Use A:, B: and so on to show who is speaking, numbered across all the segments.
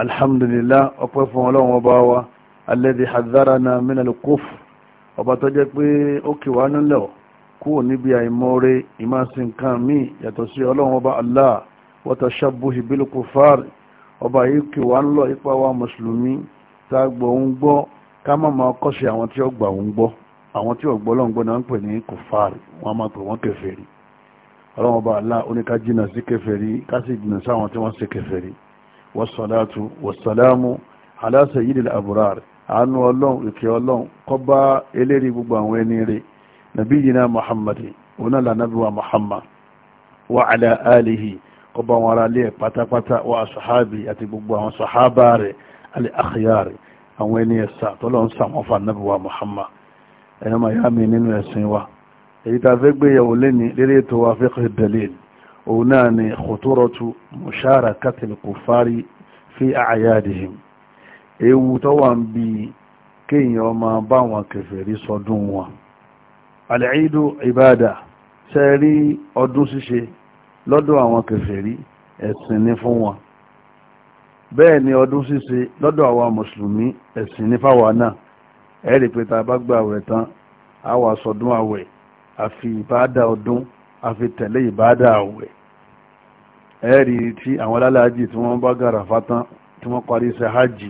A: alhamdulillah ọpẹ́ fún ọlọ́run ọba wa alladhi hadharana minal kufr ọba tó jẹ́ pé ó kì wá nílẹ̀ kúrò níbi àìmọ́re ìmáṣin kan míì yàtọ̀ sí ọlọ́run ọba allah wa tashabbuhi bil kufar ọba yìí kì wá ńlọ ipa wa mùsùlùmí tá a gbọ́ ń gbọ́ ká má máa kọ́ṣe àwọn tí ó gbà ń gbọ́ àwọn tí ó gbọ́ lọ́n gbọ́ náà ń pè ní kùfàr wọ́n máa pè wọ́n kèfèrí ọlọ́run ọba allah oníkájínà sí kèfèrí ká sì jìnà sáwọn tí wọ́n ṣe kèfèrí wasalaatu wasalaamu ala sayyidil abrar àánú ọlọ́run ìkẹ́ ọlọ́run kó bá eléri gbogbo àwọn ẹni rẹ̀ nàbí yìnyínà muhammadi òun náà lànàbí wa muhammad wa ala alihi kó bá wọn ara lé pátápátá wa asahabi àti gbogbo àwọn sahaba rẹ̀ alẹ́ àkìyàrẹ̀ àwọn ẹni ẹ̀sà tọ́lọ́run sàmọ́fà nàbí òun náà ni kòtòrọ̀tù musharakatil kufari fi a'yadihim ewu tó wà ń bi kéèyàn máa bá wọn kèfèrí sọdún wọn al-eidu ibada ṣe rí ọdún ṣíṣe lọ́dọ̀ àwọn kèfèrí ẹ̀sìn ni fún wọn bẹ́ẹ̀ ni ọdún ṣíṣe lọ́dọ̀ àwa mùsùlùmí ẹ̀sìn ní fáwa náà ẹ̀rì pé bá gbà àwẹ̀ tán àwa sọdún àwẹ̀ àfi ìbáàdà ọdún àfi tẹ̀lé ìbádà àwẹ̀ ẹ̀rí tí àwọn alálàájì tí wọ́n bá gàrà fatán tí wọ́n parí iṣẹ́ hajj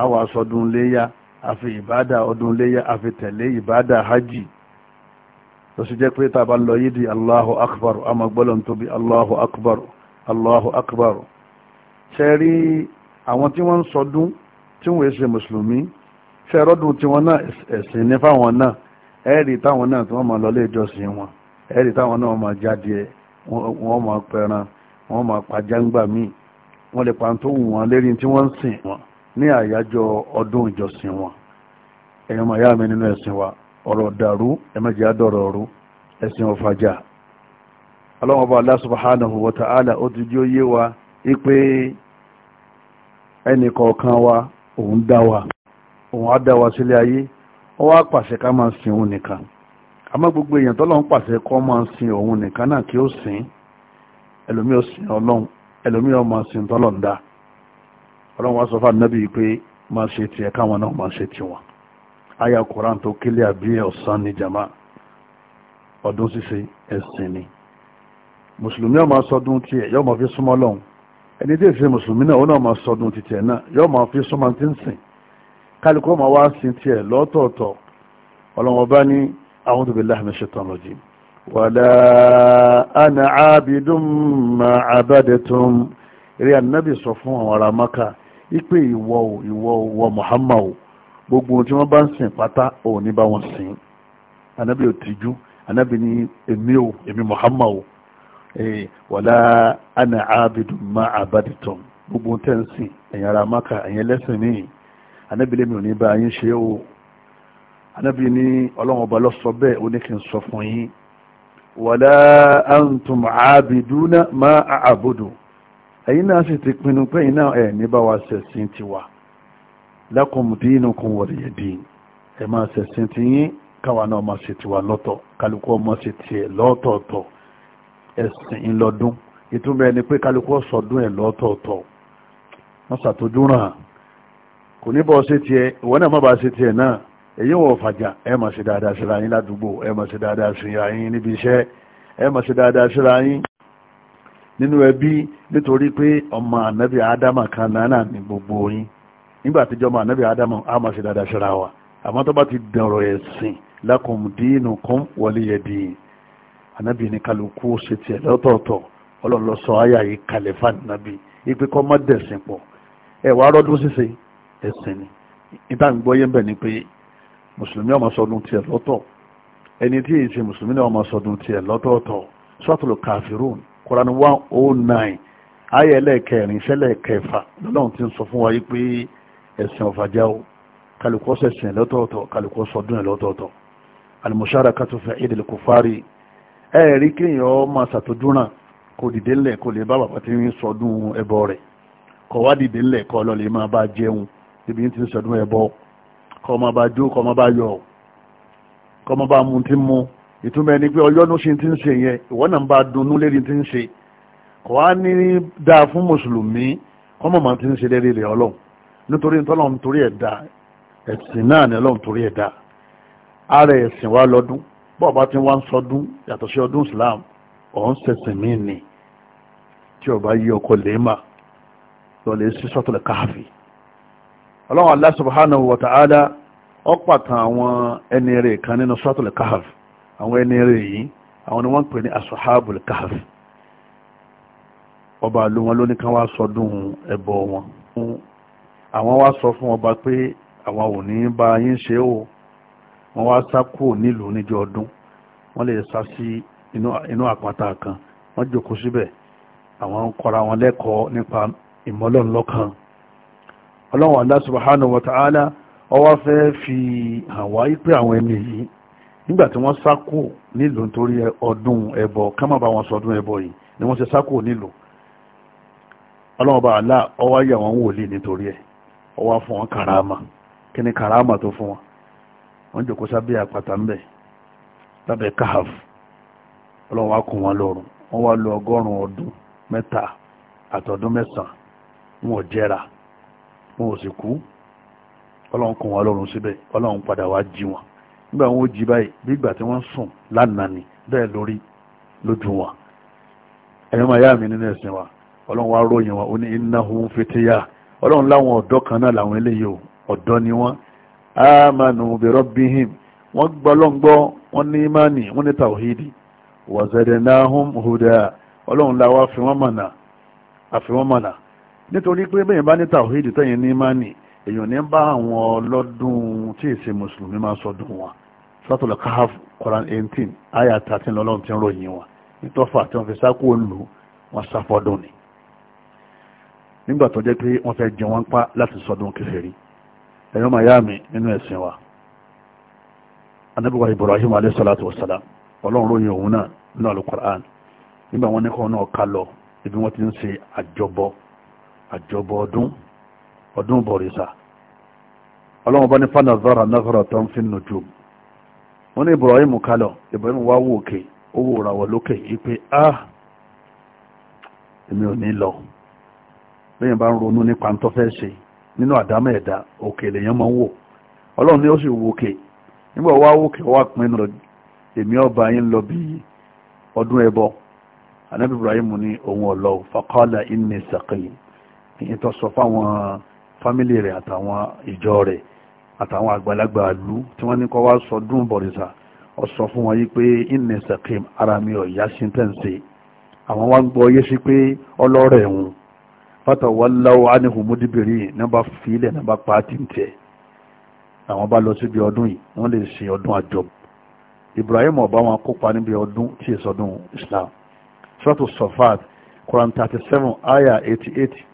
A: àwọn asọdún léyà àfi ìbádà ọdún léyà àfi tẹ̀lé ìbádà hajj ló sì jẹ́ pé tá a bá lọ yídi Allahu akbar àmọ́ gbọ́dọ̀ tóbi Allahu akbar Allahu akbar ṣe rí àwọn tí wọ́n ń sọdún tí wọ́n ṣe mùsùlùmí ṣe rọ́dún tí wọ́n náà ẹ̀sìn ní fáwọn náà ẹ̀rí táwọn náà tí wọ́n máa lọ lé ìjọsìn wọn. ẹ̀rí táwọn náà máa jáde ẹ̀ wọ́n máa pẹran wọ́n máa pàjáǹgbà míì wọ́n lè pa tó wù wọ́n lérí tí wọ́n sìn wọ́n ní àyájọ́ ọdún ìjọsìn wọn ẹ̀yọ́ màá yá mi nínú ẹ̀sìn wa ọ̀rọ̀ dàrú ẹ̀mẹ́jì àdọ̀rọ̀ ọ̀rú ẹ̀sìn ọ̀fàjà wa ó ti jí ó yé wa wípé ẹnì kọ̀ọ̀kan wa òun dá wa òun á dá wa àmọ́ gbogbo èèyàn tọ́lọ́ ń pàṣẹ kọ́ máa sin òun nìkan náà kí ó sìn ẹlòmí ó sin ọlọ́run ẹlòmí ó máa sin tọ́lọ̀ ń dá ọlọ́run wá sọ fún ànábì pé máa ṣe tiẹ̀ káwọn náà máa ṣe tiwọn àyà koran tó kílé àbí ọ̀sán ní jama ọdún ṣíṣe ẹ̀sìn ni mùsùlùmí ó máa sọdún tiẹ̀ yóò máa fi súnmọ́ lọ́hùn ẹni tí èsì mùsùlùmí náà ó náà máa sọdún tiẹ̀ náà yóò máa fi súnmọ́ tí ń sìn kálukú ó máa wá sin tiẹ̀ lọ́tọ̀ọ̀tọ̀ ọlọ́run ọba ní أعوذ بالله من الشيطان الرجيم ولا أنا عابد ما عبدتم eré النبي sọ fún àwọn ará maka ipe ìwọ o ìwọ o wọ muhammadu gbogbo tí wọn bá ń sìn pátá ò ní bá wọn sìn anabi ò tìjú anabi ní èmi o èmi muhammadu ee wàlá ana abidu ma abaditum gbogbo tẹ́ ń sìn ẹ̀yin maka ẹ̀yin ẹlẹ́sìn ní anabi lèmi ò ní bá yín ṣe o anábì ní ọlọ́run ọba ló sọ bẹ́ẹ̀ ó ní kí n sọ fún yín wàlá antum àbìdúnà má àbòdò ẹ̀yin náà sì ti pinnu pé ẹ̀yin náà ẹ̀ ní bá wa ṣẹ̀sìn tiwa lakum dinukum waliyadin ẹ̀ máa ṣẹ̀sìn ti yín káwa náà máa ṣe tiwa lọ́tọ̀ kálukú ọmọ ṣe tiẹ̀ lọ́tọ̀ọ̀tọ̀ ẹ̀sìn ńlọdún ìtumọ̀ ẹni pé kálukú ọ̀sọ̀dún ẹ̀ lọ́tọ̀ọ̀tọ̀ wọ́n ṣàtọ́jú kò ní bọ́ ṣe tiẹ̀ ìwọ èyí wọ̀ fàjà ẹ máa ṣe dáadáa síra yín ládùúgbò ẹ máa ṣe dáadáa síra yín níbi iṣẹ́ ẹ máa ṣe dáadáa síra yín nínú ẹbí nítorí pé ọmọ ànábì ádámà kan náà ní gbogbo yín nígbà àtijọ́ ọmọ ànábì ádámà á máa ṣe dáadáa síra wa àmọ́ tó bá ti dọ̀rọ̀ ẹ̀sìn lakum dinukum waliya din ànábì ní kálukú ṣe tiẹ̀ lọ́tọ̀ọ̀tọ̀ ọlọ́run ló ìtàn gbọ́yé ń bẹ̀ ni pé mùsùlùmí ọmọ sọdún tiẹ̀ lọ́tọ̀ ẹni tí èyí ṣe mùsùlùmí ọmọ sọdún tiẹ̀ lọ́tọ̀ọ̀tọ̀ sọ́tòlù kàfírùn Quran one oh nine ayé ẹlẹ́ẹ̀kẹrin ìṣẹ̀lẹ̀ kẹfà lọ́lọ́run ti ń sọ fún wa yí pé ẹ̀sìn ọ̀fàjá o kálukọ́ sẹ̀sìn lọ́tọ̀ọ̀tọ̀ kálukọ́ sọdún lọ́tọ̀ọ̀tọ̀ al-musharakatu fi Eid al-Kufari ẹ̀ẹ̀rí kéèyàn máa ṣàtọ́júràn kò dìde ńlẹ̀ kò lè bá bàbá tí ń sọdún ẹbọ rẹ̀ kọ̀ dìde ńlẹ̀ kọ́ lọ lè máa bá jẹun ibi tí ń sọdún ẹbọ kọmọ bá jó kọmọ bá yọ kọmọ bá mu ti mu ìtumọ̀ ẹni pé ọyọ́nu ṣe ti ń ṣe yẹn ìwọ náà bá dunnú lérí ti ń ṣe kò wá ní dáa fún mùsùlùmí kọmọ máa ti ń ṣe lérí rẹ̀ ọlọ́run nítorí tọ́lọ́run torí ẹ̀ ẹ̀sìn náà ni ọlọ́run torí ẹ̀ dá ara ẹ̀sìn wa lọ́dún bọ́ọ̀ bá ti wá ń sọdún yàtọ̀ sí ọdún Islam ọ̀hún ṣẹ̀sìn mí ni tí ọba yí ọkọ̀ lè má lọ lè sí sọ́tọ̀lẹ̀ káàfin ọlọ́run Allah subhanahu wa ta'ala ó pàtàn àwọn ẹni rẹ̀ kan nínú suratul kahf àwọn ẹni rẹ̀ yìí àwọn ni wọ́n pè ní ashabul kahf ọba ìlú wọn ló ní wá sọdún ẹbọ wọn àwọn wá sọ fún ọba pé àwọn ò ní bá yín ṣe o wọn wá sá kúrò nílùú níjọ́ ọdún wọn lè sá sí inú àpáta kan wọ́n jókòó síbẹ̀ àwọn ń kọ́ra wọn lẹ́kọ̀ọ́ nípa ìmọ́lọ́nlọ́kan ọlọ́run Allah subhanahu ta'ala ọwọ́ fẹ́ fi hàn wá pé àwọn ẹni yìí nígbà tí wọ́n sákò nílùú nítorí ọdún ẹbọ ká bá wọn sọdún ẹbọ yìí ni wọ́n ṣe sákò nílùú ọlọ́run bá Allah ọwọ́ yà àwọn wòlíì nítorí ẹ̀ ọwọ́ fún wọn kí ni tó fún wọn wọ́n sábẹ́ lábẹ́ wọn lọ́rùn wọ́n wọn ò sì kú ọlọ́run kún wọn lọ́rùn síbẹ̀ ọlọ́run padà wá jí wọn nígbà wọn ó jí báyìí bí ìgbà tí wọ́n sùn lánàá ni bẹ́ẹ̀ lórí lójú wọn ẹ̀yọ́ máa yá mi nínú ẹ̀sìn wa ọlọ́run wá ròyìn wọn ó ní kan náà làwọn eléyìí o ọ̀dọ́ ni wọ́n wọ́n gbọ́ lọ́ngbọ́ wọ́n ní imani wọ́n ní ọlọ́run láwa mọ̀nà nítorí pé bẹ́yìn bá ní tàwíìdì tẹ́yìn ní mánì èèyàn ní bá àwọn ọlọ́dún tí èsì mùsùlùmí máa sọdún wọn sọ́tòlù káhàf Quran eighteen ayah thirteen lọ́lọ́run ti ń ròyìn wọn nítọ́fà tí wọ́n fi sákò lù wọ́n sáfọ́dún ni nígbà tó jẹ́ pé wọ́n fẹ́ jẹ wọ́n pa láti sọdún kèfèrí ẹ̀yọ́ máa yá mi nínú ẹ̀sìn wa anábìwá Ibrahim alayhi salatu wassalam ọlọ́run ròyìn òun náà nínú Al-Quran nígbà wọn ní kọ́ náà ká lọ ibi wọ́n ti ń ṣe àjọbọ àjọbọ ọdún ọdún bọ̀rìṣà ọlọ́run bá ní fanazara nazara tó ń fi nùjú wọ́n ní Ibrahim kalọ̀ Ibrahim wá ipe a ah, èmi ò ní lọ lẹ́yìn bá ń ronú nípa ń tọ́fẹ́ ṣe nínú àdámọ̀ ẹ̀dá òkè lèyàn máa ń wò ọlọ́run ní ó sì wò òkè nígbà wá wò òkè wá pinnu èmi ọba yín lọ bí ọdún ẹbọ anabi Ibrahim ìtọ́ sọ fáwọn fámílì rẹ̀ àtàwọn ìjọ rẹ̀ àtàwọn àgbàlagbà ìlú tí wọ́n ní kọ́ wá sọ dùn bọ̀rìṣà ọ sọ fún wọn yí pé inni sakim ara mi ò yá sí tẹ̀sí àwọn wá ń gbọ́ yé sí pé ọlọ́rẹ̀ ń fatawallaw anhu mudbirin náà bá filẹ̀ náà bá ń tiẹ̀ àwọn bá lọ síbi ọdún yìí wọ́n lè ṣe ọdún àjọb Ibrahim ọba wọn kópa níbi ọdún tí èso ọdún Islam Suratu Safat Quran thirty ayah 88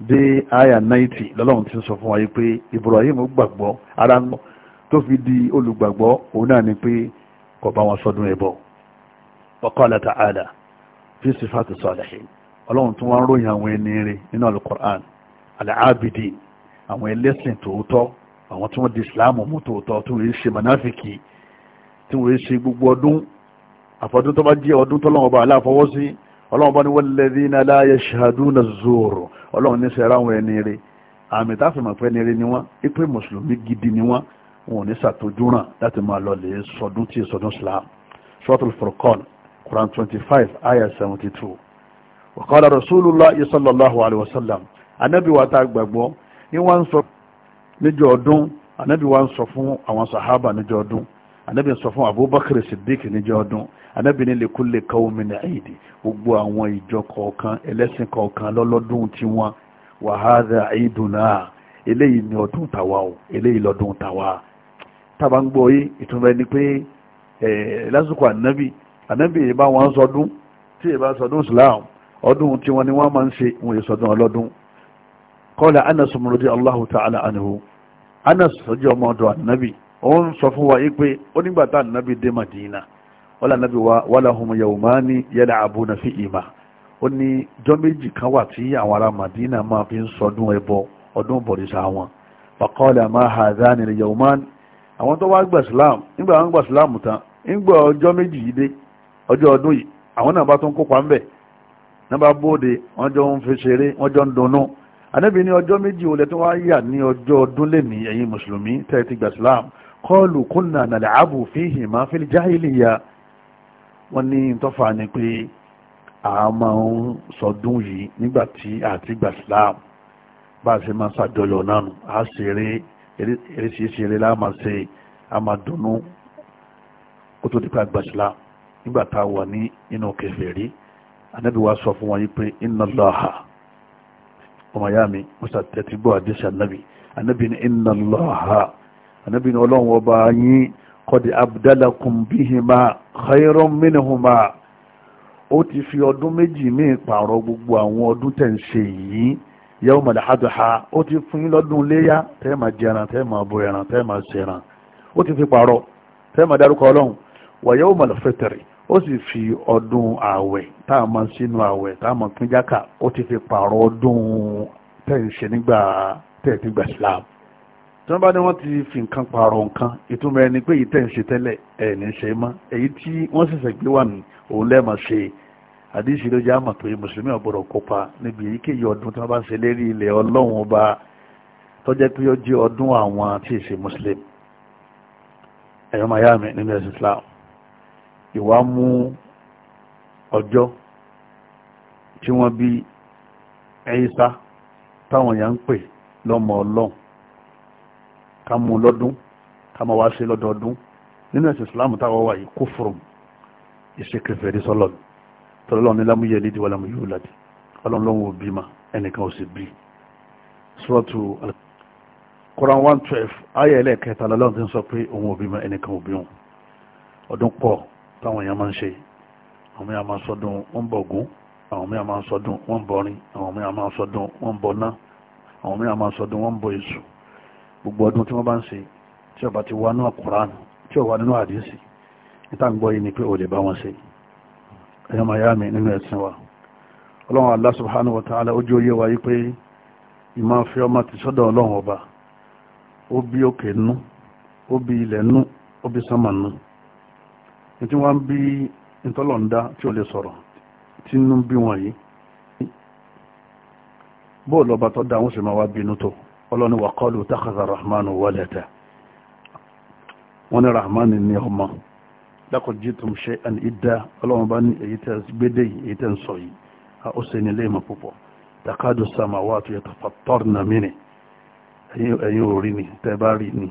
A: dé àyà 90 lọ́lọ́run ti ń sọ fún wa yìí pé Ibrahim gbàgbọ́ ara ń tó fi di olùgbàgbọ́ òun náà ni pé kò bá wọn sọdún ẹbọ wa qala ta'ala fi sifati salihin ọlọ́run tún wá ń ròyìn àwọn ẹni rẹ̀ nínú alukur'an al'abidin àwọn ẹlẹ́sìn tòótọ́ àwọn tí wọ́n di islam mú tòótọ́ tí wọ́n ṣe manáfìkì tí wọ́n ṣe gbogbo ọdún àfọdún tó bá jẹ́ ọdún tọ́lọ́wọ́ bá aláfọwọ́sí ọlọ́run bá ní walladhina la yashhaduna az-zur ọlọ́run ní sẹ́ra àwọn ẹni rẹ̀ àmì táfìmọ̀ pé ẹni rẹ̀ ni wọ́n ipe mùsùlùmí gidi ni wọ́n wọn ò ní sàtójúràn láti máa lọ lè sọdún tí sọdún Islam suratul Furqan Quran twenty five ayah seventy two wàkàlà rasulullah sallallahu alayhi wa sallam anabi wa ta gbàgbọ́ ni wọ́n sọ níjọ́ ọdún anabi wa sọ fún àwọn sahaba níjọ́ ọdún anabi sọ fún Abubakar Siddiq níjọ́ ọdún anábìíní lè kó lè ka omi ní àyèdè gbogbo àwọn ìjọ kọ̀ọ̀kan ẹlẹ́sìn kọ̀ọ̀kan lọ́lọ́dún tiwọn wàhálà àyèdùnà eléyìí ni ọdún tàwa o eléyìí lọ́dún tàwa tábà ń gbọ́ yé ìtumọ̀ ẹni pé lásìkò ànábì ànábì yìí bá wọn sọdún tí yìí bá sọdún Islam ọdún tiwọn ni wọ́n máa ń ṣe wọn yìí sọdún ọlọ́dún kọ́lá Anas Allahu ta'ala anhu Anas sọjọ́ ọmọdọ̀ ànábì sọ fún wa yìí pé ó nígbà tá dé Madina wọ́n lànà bí wà láhùn yahùmá ní yẹ́lẹ̀ àbò náà fi ìmà ó ní jọ méjì kan wà tí àwọn ará Madina máa fi ń sọdún ẹbọ ọdún bọ̀rìṣà wọn fàkọ́ọ̀lẹ̀ máa hà dáni yahùmá àwọn tó wá gbà Islam nígbà wọn gbà Islam tán nígbà ọjọ́ méjì yìí dé ọjọ́ ọdún yìí àwọn náà bá tún kópa ńbẹ̀ náà bá bóde wọ́n jọ ń fi ṣeré wọ́n jọ ń dunnú ànábì ní ọjọ́ méjì olè tó wá yà ní ọjọ́ ọdún lẹ́ni ẹ̀yin mùsùlùmí tẹ́ẹ̀ ti gbà Islam kọ́ọ̀lù kúnnà nàlẹ́ àbù fíhìmá fil jahiliya wọ́n ní ìtọ́fà ni pé a máa ń sọdún yìí nígbà tí àti gbà Islam bá a ṣe máa ṣàjọyọ̀ náà nù a ṣeré eré ṣeéṣe eré láàmà ṣe a máa dunnú kó tó dípẹ́ àgbà Islam nígbà tá a wà ní inú kèfèrí anábì wa sọ fún wọn yìí pé inna Allaha ọmọ ìyá mi musa tẹ́tí gbọ́ àdéṣà anábì anábì ní inna Allaha anábì ní ọlọ́run ọba yín kọ̀dì abdalakum bihima khayran minhuma ó ti fi ọdún méjì míì pààrọ̀ gbogbo àwọn ọdún tẹ̀ ń ṣe yìí yawmal adha ó ti fún yín lọ́dún léyà tẹ́ máa jẹran tẹ́ máa bọ ẹran tẹ́ máa ṣẹran ó ti fi pààrọ̀ tẹ́ máa dárúkọ ọlọ́run wa yawmal fitri ó sì fi ọdún ààwẹ̀ tá a máa sínú ààwẹ̀ tá a máa pín jákà ó ti fi pààrọ̀ ọdún tẹ̀ ń ṣe nígbà tẹ̀ ti gbà Islam tí wọ́n bá ní wọ́n ti fi nǹkan pààrọ̀ nǹkan ìtumọ̀ ẹni pé èyí tẹ̀ ń ṣe tẹ́lẹ̀ ẹ̀ ní ṣe mọ́ èyí tí wọ́n ṣẹ̀ṣẹ̀ gbé wà ní òun lẹ́ẹ̀mọ́ ṣe àdíṣe ló jẹ́ àmọ̀ pé mùsùlùmí ọ̀gbọ́dọ̀ kópa níbi èyíkéyìí ọdún tí wọ́n bá ń ṣe lérí ilẹ̀ ọlọ́run ọba tọ́jẹ́ pé ó jẹ́ ọdún àwọn tí ì ṣe mùsùlùmí ẹ̀yọ́ miami nínú ẹ̀sìn Islam ìwà mú ọjọ́ tí wọ́n bí ẹ̀yíṣá táwọn èèyàn ń pè lọ́mọ ọlọ́run ká mú kama ká máa wá ṣe islam táwọn wà yìí kufrun ìṣekèfèrí sọ́lọ̀ tọ́lọ́lọ́ ní lámúyẹ la wà lámúyẹ òlàdì ọlọ́lọ́wọ́ bí ma ẹnìkan ò sì bí sọ́ọ̀tù Quran one twelve ayé ẹlẹ́ẹ̀kẹta lọ́lọ́run ti ń sọ pé òun ò bí ma ẹnìkan ò bí wọn ọdún pọ̀ táwọn èèyàn máa ń ṣe àwọn mìíràn máa ń sọdún wọn ń bọ Ògún àwọn mìíràn máa ń sọdún wọn ń bọ ọrin àwọn mìíràn máa ń sọdún wọn ń bọ ná àwọn mìíràn máa ń sọdún wọn ń bọ Èṣù gbogbo ọdún tí wọ́n bá ń ṣe tí ó bá ti wà nínú Al-Qur'an tí ó wà nínú àdísì níta gbọ́ yìí ni pé ò lè bá wọn ṣe ẹ̀yọ́ miami nínú ẹ̀sìn wa ọlọ́run Allah subhanahu wa ta'ala ojú oyé wa yí pé ìmọ̀ fi ọmọ ti sọ́dọ̀ ọlọ́run ọba ó bí òkè nú ó bí ilẹ̀ nú ó bí sánmà nú ní tí wọ́n bí ìtọ́lọ̀ǹda tí ò lè sọ̀rọ̀ tí nú bí wọn yìí bóòlù ọba tó dá àwọn sì wá bínú tó ọlọ́ni wà kọlù tàkàzà rahmanu wọ́lẹ̀ta wọ́n ni rahmanu ní ọmọ lákọjí tó ń ṣe an ìdá ọlọ́run bá ní èyí tẹ́ gbédé èyí tẹ́ ń sọ yìí a ó sẹ́ni léèmọ̀ púpọ̀ takádù sàmàwà tó yẹ tafattọ́r na mìíní ẹ̀yìn orí ni tẹ́ bá rí ni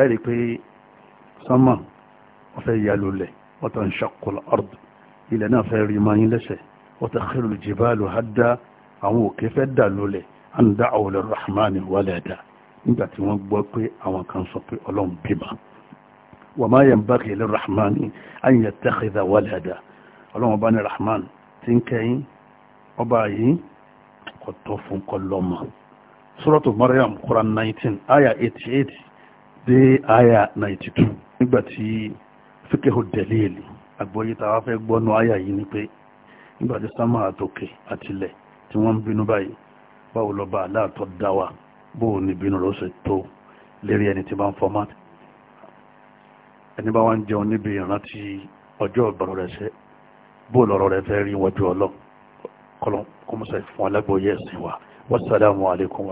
A: ẹ rí pé sánmà wọ́n fẹ́ yà lulẹ̀ wọ́n tàn ṣàkùl ard ilẹ̀ náà fẹ́ rí máa yín lẹ́sẹ̀ wọ́n tàn xẹ́lù jìbáàlù hádá àwọn òkè fẹ́ dà lulẹ̀ an da'aw lirrahmani walada nígbà tí wọ́n gbọ́ pé àwọn kan sọ pé ọlọ́run bímọ wa ma yanbaghi lirrahmani an yattakhidha walada ọlọ́run ọba ní rahman ti ń kẹ́yìn ọba yìí kò tọ́ fún kọlọ́mọ suratu maryam quran 19 aya 88 dé aya 92 nígbà tí fíkẹ́hù dẹ̀lẹ́ẹ̀lì àgbọ́yé tá a fẹ́ gbọ́nú aya yìí ni pé nígbà tí sámà àtòkè àtilẹ̀ tí wọ́n ń bínú báyìí báwo lọ́ba aláàtọ̀ dá wa bóò ní ìbínú rẹ̀ ó ṣe tó lérí ẹni tí bá ń fọmá ẹni bá wá ń jẹun níbi ìrántí ọjọ́ ìbọ̀rọ̀ rẹ̀ ṣe bóò lọ́rọ̀ rẹ̀ fẹ́ rí wájú ọlọ́ kọlọ́n kọmọsẹ̀ fún alágbóyè ẹ̀sìn wa wassalamu alaikum